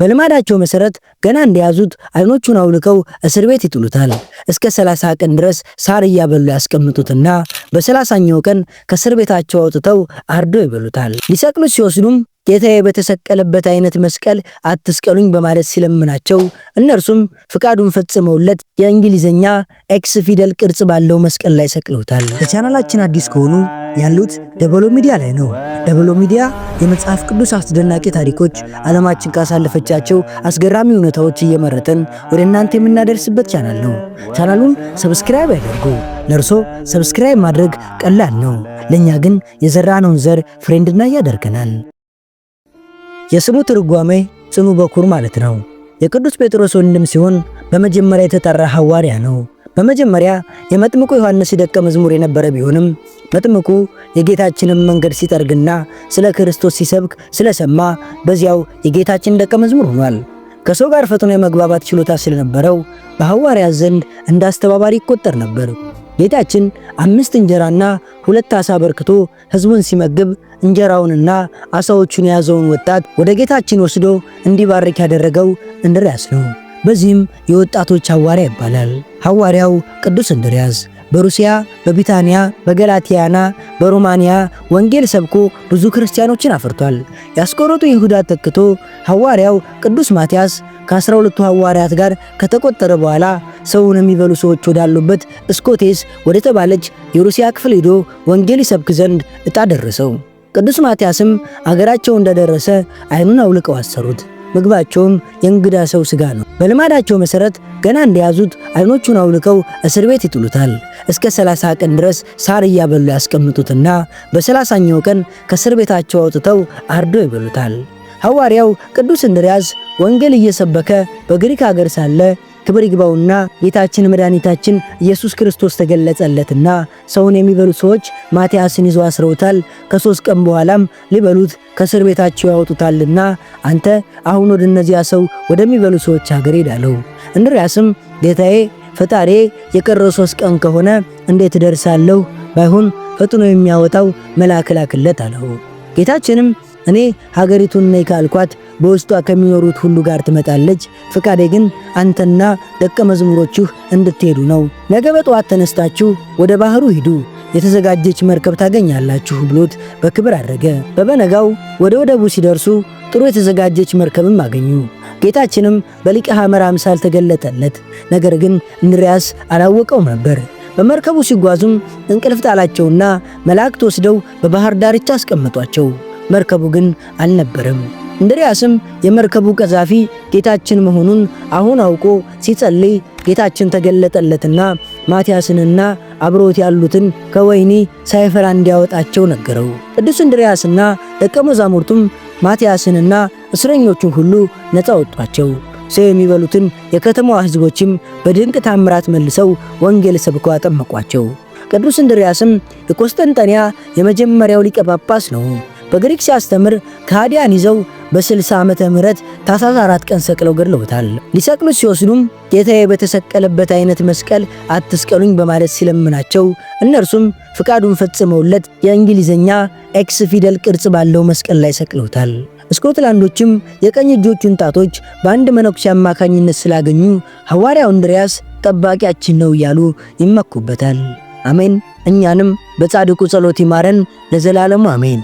በልማዳቸው መሰረት ገና እንደያዙት አይኖቹን አውልቀው እስር ቤት ይጥሉታል። እስከ 30 ቀን ድረስ ሳር እያበሉ ያስቀምጡትና በሰላሳኛው ቀን ከእስር ቤታቸው አውጥተው አርዶ ይበሉታል። ሊሰቅሉት ሲወስዱም ጌታዬ በተሰቀለበት አይነት መስቀል አትስቀሉኝ በማለት ሲለምናቸው እነርሱም ፍቃዱን ፈጽመውለት የእንግሊዝኛ ኤክስ ፊደል ቅርጽ ባለው መስቀል ላይ ሰቅለውታል። ለቻናላችን አዲስ ከሆኑ ያሉት ደበሎ ሚዲያ ላይ ነው። ደበሎ ሚዲያ የመጽሐፍ ቅዱስ አስደናቂ ታሪኮች፣ ዓለማችን ካሳለፈቻቸው አስገራሚ እውነታዎች እየመረጥን ወደ እናንተ የምናደርስበት ቻናል ነው። ቻናሉን ሰብስክራይብ ያደርጉ። ለእርሶ ሰብስክራይብ ማድረግ ቀላል ነው፣ ለእኛ ግን የዘራነውን ዘር ፍሬንድና ያደርገናል። የስሙ ትርጓሜ ጽኑ በኩር ማለት ነው። የቅዱስ ጴጥሮስ ወንድም ሲሆን በመጀመሪያ የተጠራ ሐዋርያ ነው። በመጀመሪያ የመጥምቁ ዮሐንስ ደቀ መዝሙር የነበረ ቢሆንም መጥምቁ የጌታችንን መንገድ ሲጠርግና ስለ ክርስቶስ ሲሰብክ ስለሰማ በዚያው የጌታችን ደቀ መዝሙር ሆኗል። ከሰው ጋር ፈጥኖ የመግባባት ችሎታ ስለነበረው በሐዋርያት ዘንድ እንደ አስተባባሪ ይቆጠር ነበር። ጌታችን አምስት እንጀራና ሁለት ዓሣ በርክቶ ሕዝቡን ሲመግብ እንጀራውንና አሳዎቹን የያዘውን ወጣት ወደ ጌታችን ወስዶ እንዲባርክ ያደረገው እንድርያስ ነው። በዚህም የወጣቶች ሐዋርያ ይባላል። ሐዋርያው ቅዱስ እንድርያስ በሩሲያ፣ በቢታንያ፣ በገላትያና በሮማንያ ወንጌል ሰብኮ ብዙ ክርስቲያኖችን አፍርቷል። ያስቆረጡ ይሁዳ ተክቶ ሐዋርያው ቅዱስ ማትያስ ከአስራ ሁለቱ ሐዋርያት ጋር ከተቆጠረ በኋላ ሰውን የሚበሉ ሰዎች ወዳሉበት እስኮቴስ ወደ ተባለች የሩሲያ ክፍል ሂዶ ወንጌል ይሰብክ ዘንድ እጣ ደረሰው። ቅዱስ ማትያስም አገራቸው እንደደረሰ አይኑን አውልቀው አሰሩት። ምግባቸውም የእንግዳ ሰው ሥጋ ነው። በልማዳቸው መሠረት ገና እንደያዙት አይኖቹን አውልቀው እስር ቤት ይጥሉታል። እስከ 30 ቀን ድረስ ሳር እያበሉ ያስቀምጡትና በ30ኛው ቀን ከእስር ቤታቸው አውጥተው አርዶ ይበሉታል። ሐዋርያው ቅዱስ እንድርያስ ወንጌል እየሰበከ በግሪክ አገር ሳለ ክብር ይግባውና ጌታችን መድኃኒታችን ኢየሱስ ክርስቶስ ተገለጸለትና ሰውን የሚበሉ ሰዎች ማቲያስን ይዞ አስረውታል። ከሶስት ቀን በኋላም ሊበሉት ከእስር ቤታቸው ያወጡታልና አንተ አሁን ወደ እነዚያ ሰው ወደሚበሉ ሰዎች ሀገር ሄዳለሁ። እንድርያስም ጌታዬ፣ ፈጣሪ የቀረው ሶስት ቀን ከሆነ እንዴት እደርሳለሁ? ባይሆን ፈጥኖ የሚያወጣው መልአክ ላክለት አለው። ጌታችንም እኔ ሀገሪቱን ነይ ካልኳት በውስጧ ከሚኖሩት ሁሉ ጋር ትመጣለች። ፍቃዴ ግን አንተና ደቀ መዝሙሮችህ እንድትሄዱ ነው። ነገ በጠዋት ተነስታችሁ ወደ ባህሩ ሂዱ፣ የተዘጋጀች መርከብ ታገኛላችሁ ብሎት በክብር አድረገ። በበነጋው ወደ ወደቡ ሲደርሱ ጥሩ የተዘጋጀች መርከብም አገኙ። ጌታችንም በሊቀ ሐመር አምሳል ተገለጠለት። ነገር ግን እንድርያስ አላወቀውም ነበር። በመርከቡ ሲጓዙም እንቅልፍ ጣላቸውና መላእክት ወስደው በባህር ዳርቻ አስቀመጧቸው። መርከቡ ግን አልነበረም። እንድሪያስም የመርከቡ ቀዛፊ ጌታችን መሆኑን አሁን አውቆ ሲጸልይ ጌታችን ተገለጠለትና ማቲያስንና አብሮት ያሉትን ከወይኒ ሳይፈራ እንዲያወጣቸው ነገረው። ቅዱስ እንድሪያስና ደቀ መዛሙርቱም ማቲያስንና እስረኞቹን ሁሉ ነፃ ወጧቸው። ሰው የሚበሉትን የከተማዋ ሕዝቦችም በድንቅ ታምራት መልሰው ወንጌል ሰብከው አጠመቋቸው። ቅዱስ እንድሪያስም የቆስጠንጠንያ የመጀመሪያው ሊቀ ጳጳስ ነው። በግሪክ ሲያስተምር ከሃዲያን ይዘው በ60 ዓመተ ምህረት ታኅሳስ 4 ቀን ሰቅለው ገድለውታል። ሊሰቅሉት ሲወስዱም ጌታዬ በተሰቀለበት አይነት መስቀል አትስቀሉኝ በማለት ሲለምናቸው እነርሱም ፍቃዱን ፈጽመውለት የእንግሊዝኛ ኤክስ ፊደል ቅርጽ ባለው መስቀል ላይ ሰቅለውታል። ስኮትላንዶችም የቀኝ እጆቹን ጣቶች በአንድ መነኩሴ አማካኝነት ስላገኙ ሐዋርያው እንድርያስ ጠባቂያችን ነው እያሉ ይመኩበታል። አሜን። እኛንም በጻድቁ ጸሎት ይማረን ለዘላለሙ አሜን።